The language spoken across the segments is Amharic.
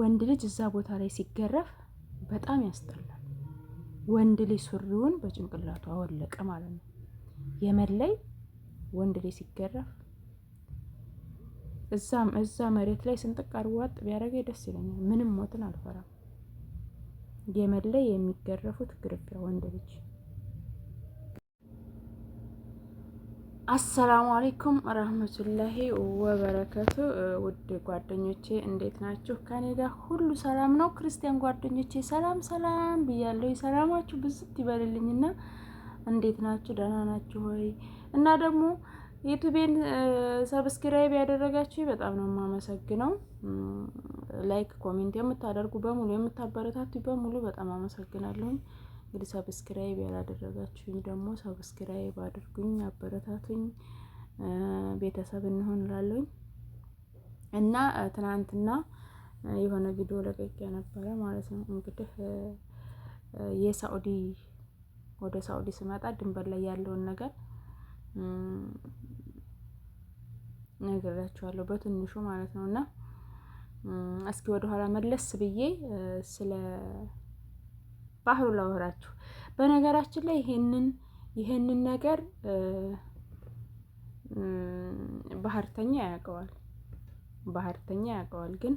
ወንድ ልጅ እዛ ቦታ ላይ ሲገረፍ በጣም ያስጠላል። ወንድ ልጅ ሱሪውን በጭንቅላቱ አወለቀ ማለት ነው። የመለይ ወንድ ልጅ ሲገረፍ እዛም እዛ መሬት ላይ ስንጥቅ አርዋጥ ቢያደርገኝ ደስ ይለኛል። ምንም ሞትን አልፈራም። የመለይ የሚገረፉት ግርፊያ ወንድ ልጅ አሰላሙ አሌይኩም ረህመቱላሂ ወበረከቱ። ውድ ጓደኞቼ እንዴት ናችሁ? ከኔ ጋር ሁሉ ሰላም ነው። ክርስቲያን ጓደኞቼ ሰላም ሰላም ብያለሁ። ሰላማችሁ ብዝት ይበልልኝና እንዴት ናችሁ? ደህና ናችሁ ወይ? እና ደግሞ ዩቱቤን ሰብስክራይብ ያደረጋችሁ በጣም ነው የማመሰግነው። ላይክ ኮሜንት የምታደርጉ በሙሉ የምታበረታቱ በሙሉ በጣም አመሰግናለሁኝ። እንግዲህ ሰብስክራይብ ያላደረጋችሁኝ ደግሞ ሰብስክራይብ አድርጉኝ፣ አበረታቱኝ፣ ቤተሰብ እንሆን ላለኝ እና ትናንትና የሆነ ቪዲዮ ለቀቅ ነበረ ማለት ነው። እንግዲህ የሳኡዲ ወደ ሳኡዲ ስመጣ ድንበር ላይ ያለውን ነገር ነግራችኋለሁ በትንሹ ማለት ነው እና እስኪ ወደኋላ መለስ ብዬ ስለ ባህሩ ላወራችሁ። በነገራችን ላይ ይሄንን ይሄንን ነገር ባህርተኛ ያውቀዋል፣ ባህርተኛ ያውቀዋል። ግን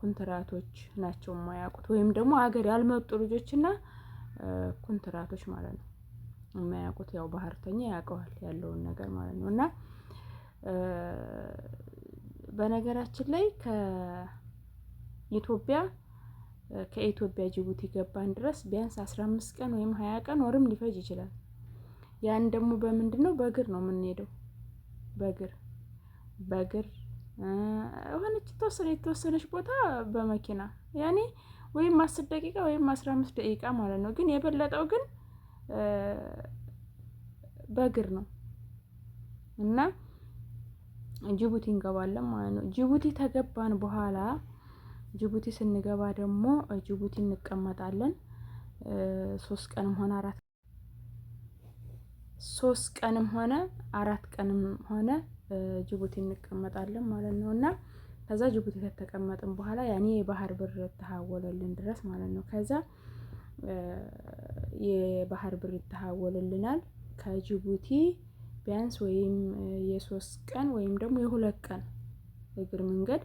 ኩንትራቶች ናቸው የማያውቁት ወይም ደግሞ ሀገር ያልመጡ ልጆችና ኩንትራቶች ማለት ነው የማያውቁት። ያው ባህርተኛ ያውቀዋል ያለውን ነገር ማለት ነው እና በነገራችን ላይ ከኢትዮጵያ ከኢትዮጵያ ጅቡቲ ገባን ድረስ ቢያንስ አምስት ቀን ወይም ሀያ ቀን ወርም ሊፈጅ ይችላል። ያን ደግሞ በምንድን ነው? በእግር ነው የምንሄደው። በእግር በእግር ሆነች የተወሰነ የተወሰነች ቦታ በመኪና ያኔ ወይም አስር ደቂቃ ወይም 15 ደቂቃ ማለት ነው። ግን የበለጠው ግን በእግር ነው እና ጅቡቲ እንገባለን ማለት ነው። ጅቡቲ ተገባን በኋላ ጅቡቲ ስንገባ ደግሞ ጅቡቲ እንቀመጣለን። ሶስት ቀንም ሆነ አራት ሶስት ቀንም ሆነ አራት ቀንም ሆነ ጅቡቲ እንቀመጣለን ማለት ነው እና ከዛ ጅቡቲ ከተቀመጥን በኋላ ያኔ የባህር ብር ተሀወለልን ድረስ ማለት ነው። ከዛ የባህር ብር ተሀወለልናል ከጅቡቲ ቢያንስ ወይም የሶስት ቀን ወይም ደግሞ የሁለት ቀን እግር መንገድ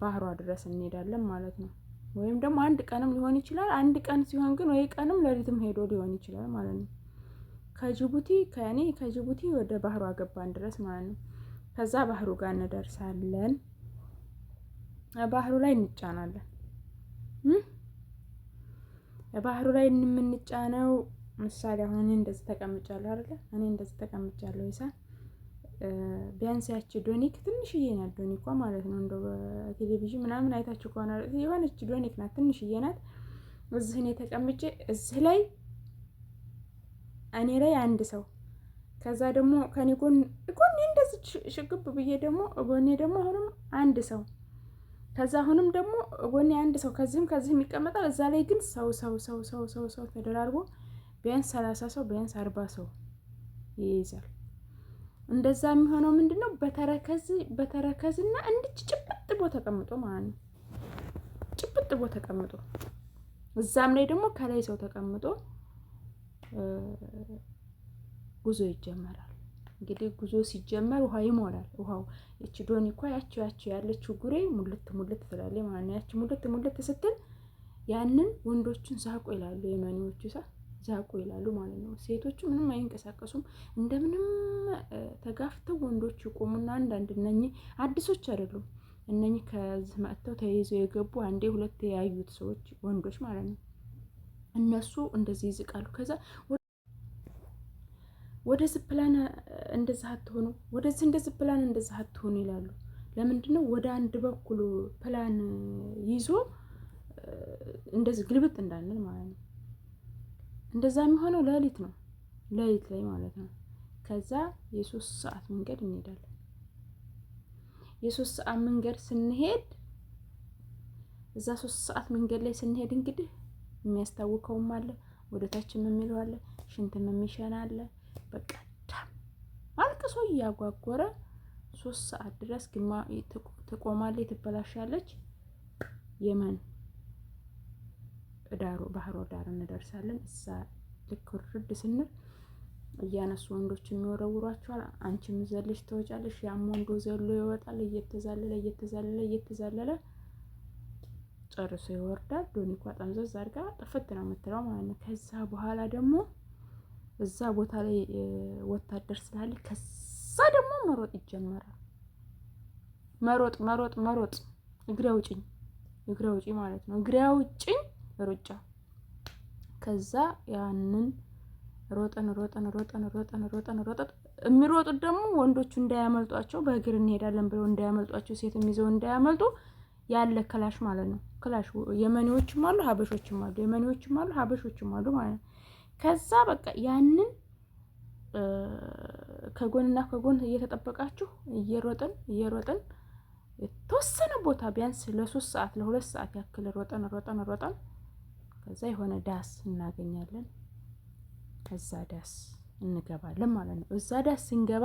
ባህሯ ድረስ እንሄዳለን ማለት ነው። ወይም ደግሞ አንድ ቀንም ሊሆን ይችላል። አንድ ቀን ሲሆን ግን ወይ ቀንም ለሪትም ሄዶ ሊሆን ይችላል ማለት ነው። ከጅቡቲ ከእኔ ከጅቡቲ ወደ ባህሯ ገባን ድረስ ማለት ነው። ከዛ ባህሩ ጋር እንደርሳለን። ባህሩ ላይ እንጫናለን። ባህሩ ላይ የምንጫነው ምሳሌ አሁን እኔ እንደዚህ ተቀምጫለሁ አይደለ? እኔ እንደዚህ ተቀምጫለሁ ይሳል ቢያንስ ያች ዶኒክ ትንሽዬ ናት። ዶኒኳ ማለት ነው እንደው በቴሌቪዥን ምናምን አይታችሁ ከሆነ የሆነች ዶኒክ ናት፣ ትንሽዬ ናት። እዚህ እኔ ተቀምጬ እዚህ ላይ እኔ ላይ አንድ ሰው ከዛ ደግሞ ከኔ ጎን ጎኔ እንደዚህ ሽግብ ብዬ ደግሞ ጎኔ ደግሞ አሁንም አንድ ሰው ከዛ አሁንም ደግሞ ጎኔ አንድ ሰው ከዚህም ከዚህም ይቀመጣል። እዛ ላይ ግን ሰው ሰው ሰው ሰው ሰው ሰው ተደራርቦ ቢያንስ ሰላሳ ሰው ቢያንስ አርባ ሰው ይይዛል። እንደዛ የሚሆነው ምንድን ነው? በተረከዝ በተረከዝና እንድች ጭብጥ ቦ ተቀምጦ ማለት ነው። ጭብጥ ቦ ተቀምጦ እዛም ላይ ደግሞ ከላይ ሰው ተቀምጦ ጉዞ ይጀመራል። እንግዲህ ጉዞ ሲጀመር ውሃ ይሞላል። ውሃው እቺ ዶኒ እኮ ያቺ ያቺ ያለችው ጉሬ ሙልት ሙልት ትላለች ማለት ነው። ያቺ ሙልት ሙልት ስትል ያንን ወንዶቹን ሳቁ ይላሉ የመኒዎቹ ሳ ዛቁ ይላሉ ማለት ነው። ሴቶቹ ምንም አይንቀሳቀሱም። እንደምንም ተጋፍተው ወንዶች ይቆሙና አንዳንድ እነኚህ አዲሶች አይደሉም እነኚህ ከዚህ መጥተው ተይዘው የገቡ አንዴ ሁለት የያዩት ሰዎች ወንዶች ማለት ነው። እነሱ እንደዚህ ይዝቃሉ። ከዛ ወደዚህ ፕላን እንደዚህ አትሆኑ፣ ወደዚህ እንደዚህ ፕላን እንደዚህ አትሆኑ ይላሉ። ለምንድን ነው ወደ አንድ በኩል ፕላን ይዞ እንደዚህ ግልብጥ እንዳንል ማለት ነው። እንደዛ የሚሆነው ሌሊት ነው፣ ሌሊት ላይ ማለት ነው። ከዛ የሶስት ሰዓት መንገድ እንሄዳለን። የሶስት ሰዓት መንገድ ስንሄድ እዛ ሶስት ሰዓት መንገድ ላይ ስንሄድ እንግዲህ የሚያስታውከውም አለ፣ ወደታችም የሚለው አለ፣ ሽንትም የሚሸና አለ። በቃ ዳም አልቅሶ እያጓጎረ ሶስት ሰዓት ድረስ ግማ ትቆማለች፣ ትበላሻለች የመን ዳሩ ባህሮ ዳር እንደርሳለን። እዛ ልክ ውርድ ስንል እያነሱ ወንዶች የሚወረውሯቸዋል። አንቺም ዘለሽ ትወጫለሽ። ያም ወንዶ ዘሎ ይወጣል። እየተዛለለ እየተዛለለ እየተዛለለ ጨርሶ ይወርዳል። ዶኒኳ ጠምዘዝ አድርጋ ጥፍት ነው የምትለው ማለት ነው። ከዛ በኋላ ደግሞ እዛ ቦታ ላይ ወታደር ስላለ ከዛ ደግሞ መሮጥ ይጀመራል። መሮጥ መሮጥ መሮጥ እግሬ አውጭኝ እግሬ አውጭኝ ማለት ነው። እግሬ አውጭኝ ሩጫ። ከዛ ያንን ሮጠን ሮጠን ሮጠን ሮጠን ሮጠን ሮጠን የሚሮጡት ደግሞ ወንዶቹ እንዳያመልጧቸው በእግር እንሄዳለን ብለው እንዳያመልጧቸው ሴትም ይዘው እንዳያመልጡ ያለ ክላሽ ማለት ነው። ክላሽ የመኔዎችም አሉ ሀበሾችም አሉ፣ የመኔዎችም አሉ ሀበሾችም አሉ ማለት ነው። ከዛ በቃ ያንን ከጎንና ከጎን እየተጠበቃችሁ እየሮጥን እየሮጥን የተወሰነ ቦታ ቢያንስ ለሶስት ሰዓት ለሁለት ሰዓት ያክል ሮጠን ሮጠን ሮጠን ከዛ የሆነ ዳስ እናገኛለን። ከዛ ዳስ እንገባለን ማለት ነው። እዛ ዳስ ስንገባ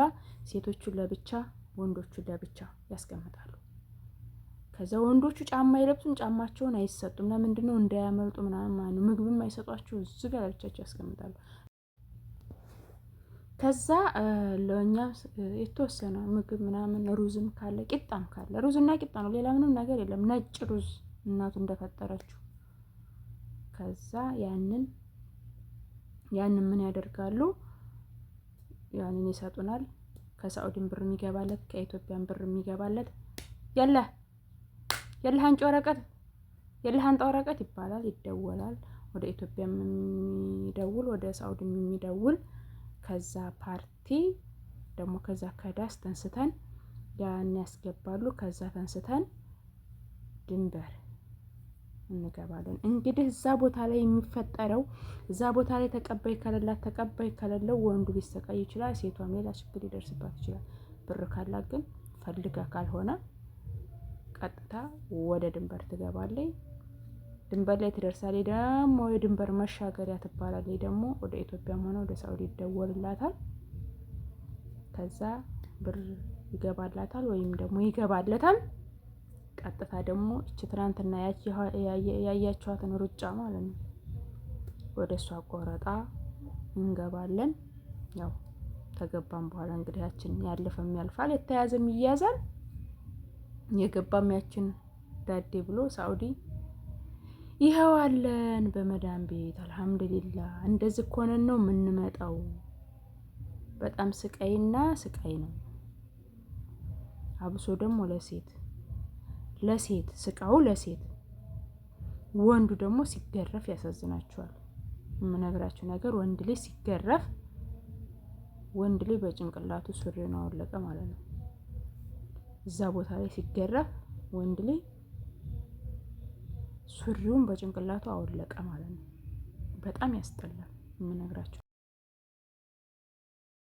ሴቶቹ ለብቻ ወንዶቹ ለብቻ ያስቀምጣሉ። ከዛ ወንዶቹ ጫማ አይለብሱም፣ ጫማቸውን አይሰጡም። ለምንድን ነው እንዳያመልጡ ምናምን ማለት ነው። ምግብም አይሰጧቸው፣ እዚህ ጋር ለብቻቸው ያስቀምጣሉ። ከዛ ለእኛ የተወሰነ ምግብ ምናምን ሩዝም ካለ ቂጣም ካለ ሩዝና ቂጣ ነው፣ ሌላ ምንም ነገር የለም። ነጭ ሩዝ እናቱ እንደፈጠረችው ከዛ ያንን ያንን ምን ያደርጋሉ? ያንን ይሰጡናል። ከሳውዲን ብር የሚገባለት ከኢትዮጵያን ብር የሚገባለት የለ የለህ አንጭ ወረቀት የለህ አንጣ ወረቀት ይባላል፣ ይደወላል። ወደ ኢትዮጵያ የሚደውል ወደ ሳዑዲ የሚደውል ከዛ ፓርቲ ደግሞ ከዛ ከዳስ ተንስተን ያን ያስገባሉ። ከዛ ተንስተን ድንበር እንገባለን። እንግዲህ እዛ ቦታ ላይ የሚፈጠረው እዛ ቦታ ላይ ተቀባይ ከሌላት ተቀባይ ከሌለው ወንዱ ሊሰቃይ ይችላል፣ ሴቷም ሌላ ችግር ሊደርስባት ይችላል። ብር ካላት ግን ፈልጋ ካልሆነ ቀጥታ ወደ ድንበር ትገባለች። ድንበር ላይ ትደርሳለች። ደግሞ የድንበር መሻገሪያ ትባላለች። ደግሞ ወደ ኢትዮጵያም ሆነ ወደ ሳውዲ ይደወልላታል። ከዛ ብር ይገባላታል ወይም ደግሞ ይገባለታል። ቀጥታ ደግሞ እች ትናንትና ያያችኋትን ሩጫ ማለት ነው ወደ እሷ ቆረጣ እንገባለን። ያው ከገባም በኋላ እንግዲያችን ያለፈም ያልፋል፣ የተያዘም ይያዛል። የገባም ያችን ዳዴ ብሎ ሳውዲ ይኸዋለን በመዳን ቤት አልሐምዱሊላ። እንደዚህ ኮነን ነው የምንመጣው። በጣም ስቃይና ስቃይ ነው። አብሶ ደግሞ ለሴት ለሴት ስቃው ለሴት ወንዱ ደግሞ ሲገረፍ ያሳዝናቸዋል። የምነግራችሁ ነገር ወንድ ልጅ ሲገረፍ ወንድ ልጅ በጭንቅላቱ ሱሪውን አወለቀ ማለት ነው። እዛ ቦታ ላይ ሲገረፍ ወንድ ልጅ ሱሪውን በጭንቅላቱ አወለቀ ማለት ነው። በጣም ያስጠላል የምነግራችሁ